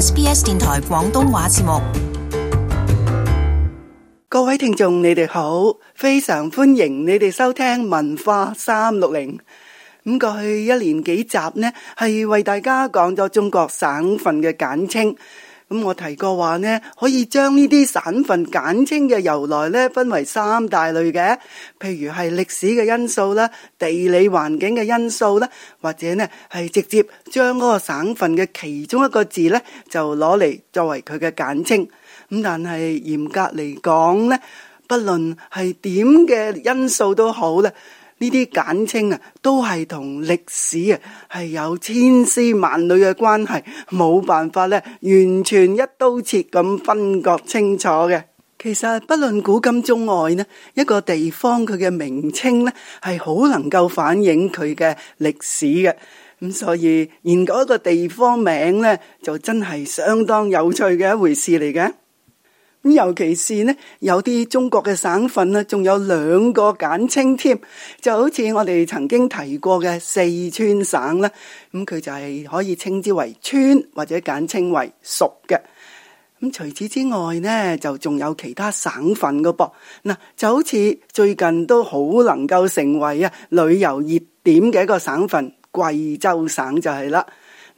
SBS 電台廣東話節目，各位聽眾，你哋好，非常歡迎你哋收聽文化三六零。咁過去一連幾集呢，係為大家講咗中國省份嘅簡稱。咁我提過話呢，可以將呢啲省份簡稱嘅由來呢，分為三大類嘅。譬如係歷史嘅因素啦，地理環境嘅因素啦，或者呢係直接將嗰個省份嘅其中一個字呢，就攞嚟作為佢嘅簡稱。咁但係嚴格嚟講呢，不論係點嘅因素都好咧。呢啲簡稱啊，都係同歷史啊係有千絲萬縷嘅關係，冇辦法咧，完全一刀切咁分割清楚嘅。其實不論古今中外呢，一個地方佢嘅名稱呢，係好能夠反映佢嘅歷史嘅。咁所以研究一個地方名呢，就真係相當有趣嘅一回事嚟嘅。咁尤其是呢，有啲中國嘅省份呢、啊，仲有兩個簡稱添，就好似我哋曾經提過嘅四川省啦，咁、嗯、佢就係可以稱之為川或者簡稱為蜀嘅。咁、嗯、除此之外呢，就仲有其他省份噶噃，嗱、嗯、就好似最近都好能夠成為啊旅遊熱點嘅一個省份，貴州省就係啦。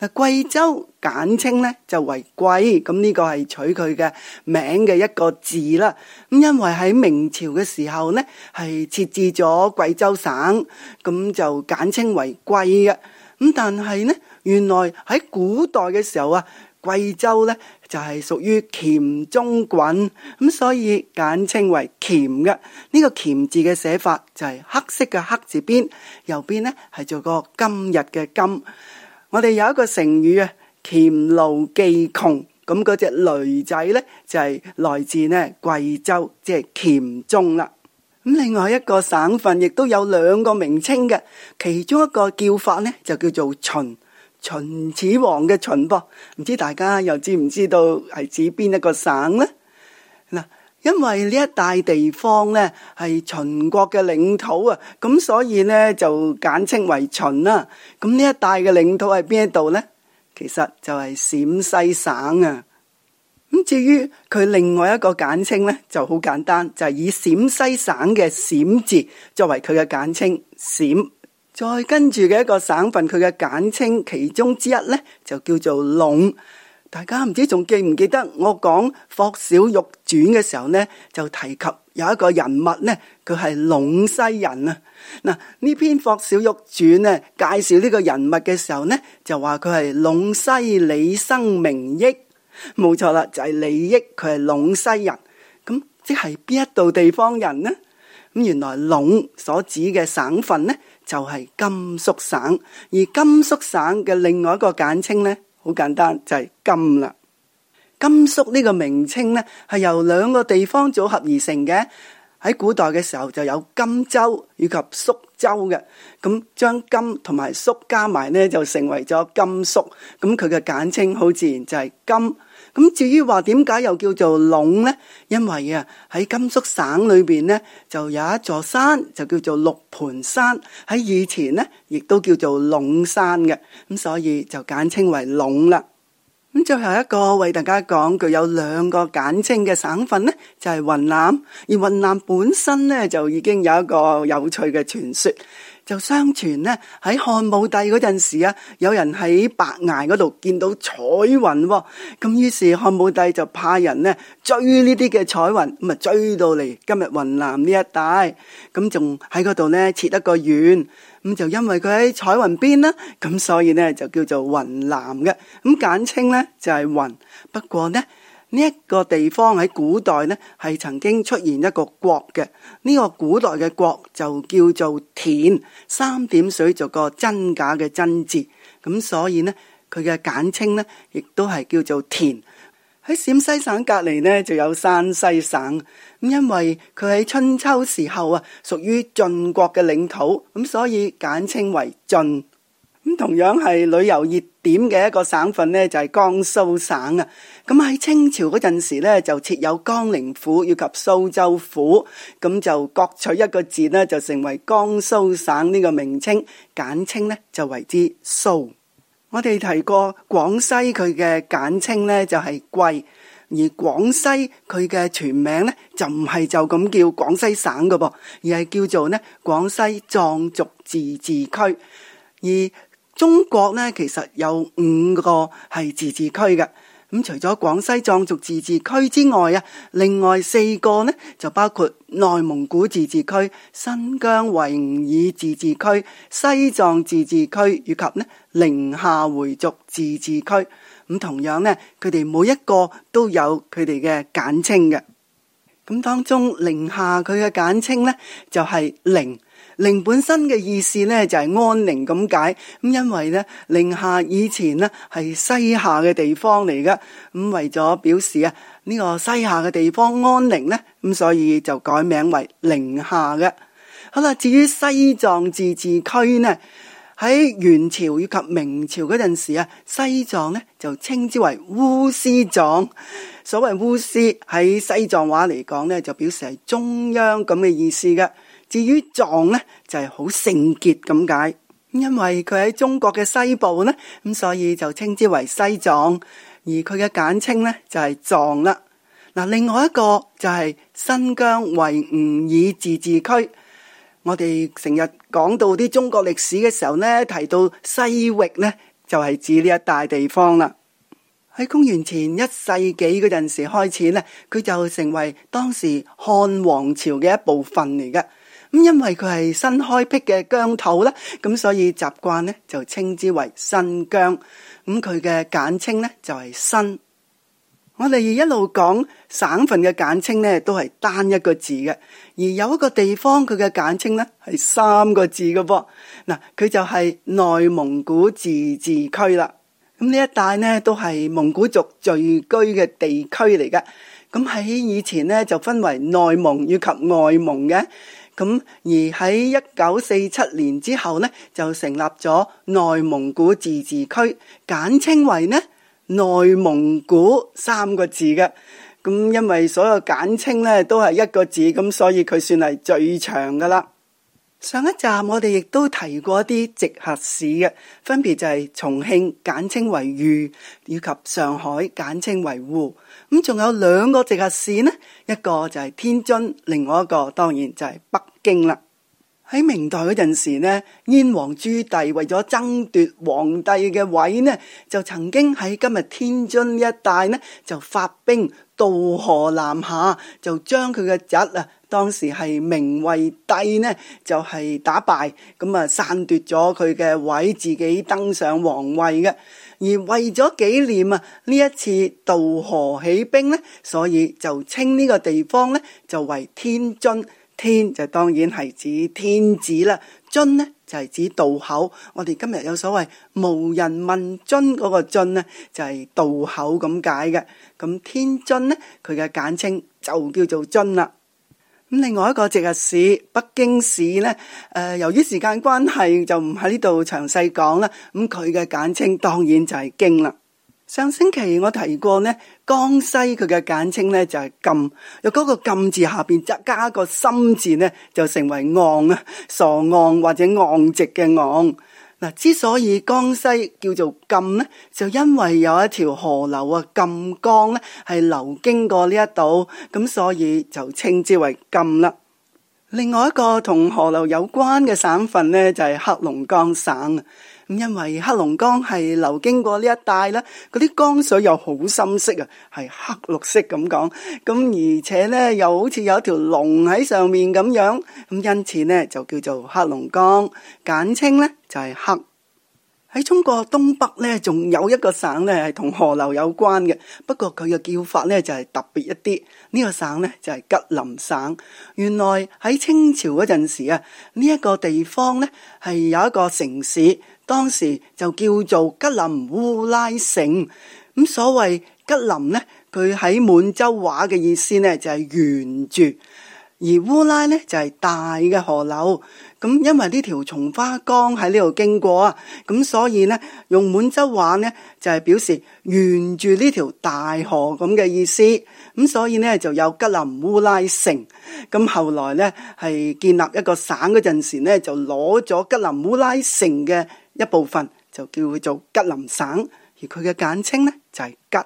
嗱，貴州簡稱咧就為貴，咁呢個係取佢嘅名嘅一個字啦。咁因為喺明朝嘅時候呢，係設置咗貴州省，咁就簡稱為貴嘅。咁但係呢，原來喺古代嘅時候啊，貴州呢就係屬於黔中郡，咁所以簡稱為黔嘅。呢個黔字嘅寫法就係黑色嘅黑字邊，右邊呢係做個今日嘅今。我哋有一個成語啊，黔驢技窮，咁嗰隻驢仔呢，就係、是、來自呢貴州，即係黔中啦。咁另外一個省份亦都有兩個名稱嘅，其中一個叫法呢，就叫做秦，秦始皇嘅秦噃，唔知大家又知唔知道係指邊一個省呢？嗱。因為呢一帶地方呢係秦國嘅領土啊，咁所以呢就簡稱為秦啦。咁呢一帶嘅領土係邊一度呢？其實就係陝西省啊。咁至於佢另外一個簡稱呢，就好簡單，就係以陝西省嘅陝字作為佢嘅簡稱陝。再跟住嘅一個省份，佢嘅簡稱其中之一呢，就叫做隴。龍大家唔知仲記唔記得我講霍小玉傳嘅時候呢，就提及有一個人物呢，佢係隴西人啊。嗱，呢篇霍小玉傳呢，介紹呢個人物嘅時候呢，就話佢係隴西李生名益，冇錯啦，就係李益，佢係隴西人。咁即係邊一度地方人呢？咁原來隴所指嘅省份呢，就係甘肅省，而甘肅省嘅另外一個簡稱呢？好簡單就係甘啦，甘肅呢個名稱呢，係由兩個地方組合而成嘅。喺古代嘅時候就有甘州以及肅州嘅，咁將甘同埋肅加埋呢，就成為咗甘肅，咁佢嘅簡稱好自然就係甘。咁至於話點解又叫做龍呢？因為啊喺甘肅省裏邊呢，就有一座山就叫做六盤山，喺以前呢，亦都叫做龍山嘅，咁所以就簡稱為龍啦。咁最後一個為大家講具有兩個簡稱嘅省份呢，就係雲南。而雲南本身呢，就已經有一個有趣嘅傳說。就相傳呢，喺漢武帝嗰陣時啊，有人喺白崖嗰度見到彩雲、哦，咁、嗯、於是漢武帝就派人呢追呢啲嘅彩雲，咁、嗯、啊追到嚟今日雲南一帶，嗯、呢一帶，咁仲喺嗰度呢設一個縣，咁、嗯、就因為佢喺彩雲邊啦，咁、嗯、所以呢，就叫做雲南嘅，咁、嗯、簡稱呢，就係、是、雲。不過呢。呢一個地方喺古代呢係曾經出現一個國嘅，呢、這個古代嘅國就叫做滇，三點水做個真假嘅真字，咁所以呢，佢嘅簡稱呢亦都係叫做滇。喺陝西省隔籬呢就有山西省，因為佢喺春秋時候啊屬於晉國嘅領土，咁所以簡稱為晉。咁同樣係旅遊熱點嘅一個省份呢，就係、是、江蘇省啊。咁喺清朝嗰陣時咧，就設有江寧府以及蘇州府，咁就各取一個字咧，就成為江蘇省呢個名稱，簡稱咧就為之蘇。我哋提過廣西佢嘅簡稱咧就係、是、桂，而廣西佢嘅全名咧就唔係就咁叫廣西省㗎噃，而係叫做呢廣西壯族自治區，而。中國咧其實有五個係自治區嘅，咁、嗯、除咗廣西壯族自治區之外啊，另外四個呢就包括內蒙古自治區、新疆維吾爾自治區、西藏自治區以及呢寧夏回族自治區，咁、嗯、同樣呢，佢哋每一個都有佢哋嘅簡稱嘅。咁當中，寧夏佢嘅簡稱呢，就係寧，寧本身嘅意思呢，就係安寧咁解，咁因為呢，寧夏以前呢係西夏嘅地方嚟嘅，咁為咗表示啊呢個西夏嘅地方安寧呢，咁所以就改名為寧夏嘅。好啦，至於西藏自治區呢。喺元朝以及明朝嗰陣時啊，西藏咧就稱之為烏斯藏。所謂烏斯喺西藏話嚟講咧，就表示係中央咁嘅意思嘅。至於藏咧就係好聖潔咁解，因為佢喺中國嘅西部咧，咁所以就稱之為西藏。而佢嘅簡稱咧就係藏啦。嗱，另外一個就係新疆維吾爾自治區。我哋成日講到啲中國歷史嘅時候呢，提到西域呢，就係指呢一帶地方啦。喺公元前一世紀嗰陣時開始呢，佢就成為當時漢王朝嘅一部分嚟嘅。咁因為佢係新開闢嘅疆土啦，咁所以習慣呢就稱之為新疆。咁佢嘅簡稱呢，就係新。我哋一路講省份嘅簡稱咧，都係單一個字嘅。而有一個地方佢嘅簡稱咧係三個字嘅噃。嗱，佢就係內蒙古自治區啦。咁呢一帶咧都係蒙古族聚居嘅地區嚟嘅。咁、嗯、喺以前咧就分為內蒙以及外蒙嘅。咁、嗯、而喺一九四七年之後咧，就成立咗內蒙古自治區，簡稱為呢，內蒙古三個字嘅，咁因為所有簡稱咧都係一個字，咁所以佢算係最長噶啦。上一集我哋亦都提過一啲直轄市嘅，分別就係重慶簡稱為渝，以及上海簡稱為滬。咁仲有兩個直轄市呢，一個就係天津，另外一個當然就係北京啦。喺明代嗰陣時呢，燕王朱棣為咗爭奪皇帝嘅位呢，就曾經喺今日天，天津呢一帶呢，就發兵渡河南下，就將佢嘅侄啊，當時係明惠帝呢，就係、是、打敗，咁啊，篡奪咗佢嘅位，自己登上皇位嘅。而為咗紀念啊呢一次渡河起兵呢，所以就稱呢個地方呢就為天津。天就當然係指天子啦，津呢就係指渡口。我哋今日有所謂無人問津嗰個津呢，就係渡口咁解嘅。咁天津呢，佢嘅簡稱就叫做津啦。咁另外一個直轄市北京市呢，誒、呃、由於時間關係就唔喺呢度詳細講啦。咁佢嘅簡稱當然就係京啦。上星期我提過呢，江西佢嘅簡稱呢就係贛。有嗰個贛字下邊加一個心字呢，就成為昂啊，傻昂或者昂直嘅昂。之所以江西叫做贛呢，就因為有一條河流啊，贛江呢係流經過呢一度，咁所以就稱之為贛啦。另外一個同河流有關嘅省份呢，就係黑龍江省。因為黑龍江係流經過呢一帶咧，嗰啲江水又好深色啊，係黑綠色咁講，咁而且咧又好似有條龍喺上面咁樣，咁因此咧就叫做黑龍江，簡稱咧就係、是、黑。喺中國東北咧，仲有一個省咧係同河流有關嘅，不過佢嘅叫法咧就係、是、特別一啲。呢、這個省咧就係、是、吉林省。原來喺清朝嗰陣時啊，呢、這、一個地方咧係有一個城市。當時就叫做吉林烏拉城。咁所謂吉林咧，佢喺滿洲話嘅意思咧就係沿住，而烏拉咧就係大嘅河流。咁因為呢條松花江喺呢度經過啊，咁所以咧用滿洲話咧就係表示沿住呢條大河咁嘅意思。咁所以咧就有吉林烏拉城。咁後來咧係建立一個省嗰陣時咧就攞咗吉林烏拉城嘅。一部分就叫佢做吉林省，而佢嘅簡稱呢，就係、是、吉。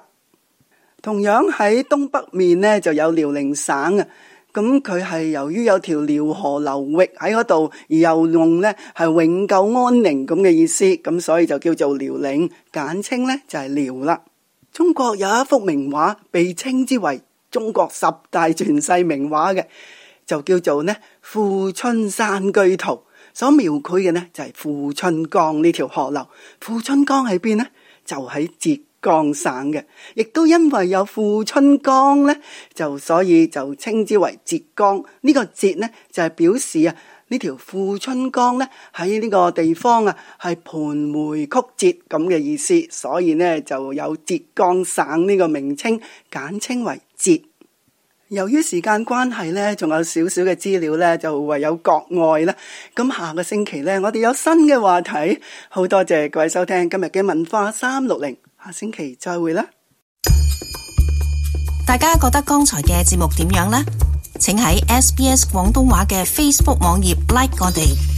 同樣喺東北面呢，就有遼寧省啊。咁佢係由於有條遼河流域喺嗰度，而又用呢，係永久安寧咁嘅意思，咁、嗯、所以就叫做遼寧，簡稱呢，就係、是、遼啦。中國有一幅名畫被稱之為中國十大傳世名畫嘅，就叫做呢《富春山居圖》。所描繪嘅呢，就係富春江呢條河流，富春江喺邊呢？就喺浙江省嘅，亦都因為有富春江呢，就所以就稱之為浙江。呢、這個浙呢，就係、是、表示啊，呢條富春江呢，喺呢個地方啊係盤回曲折咁嘅意思，所以呢，就有浙江省呢個名稱，簡稱為浙。由於時間關係呢，仲有少少嘅資料呢，就唯有國外啦。咁下個星期呢，我哋有新嘅話題。好多謝各位收聽今日嘅文化三六零，下星期再會啦！大家覺得剛才嘅節目點樣呢？請喺 SBS 廣東話嘅 Facebook 網頁 Like 我哋。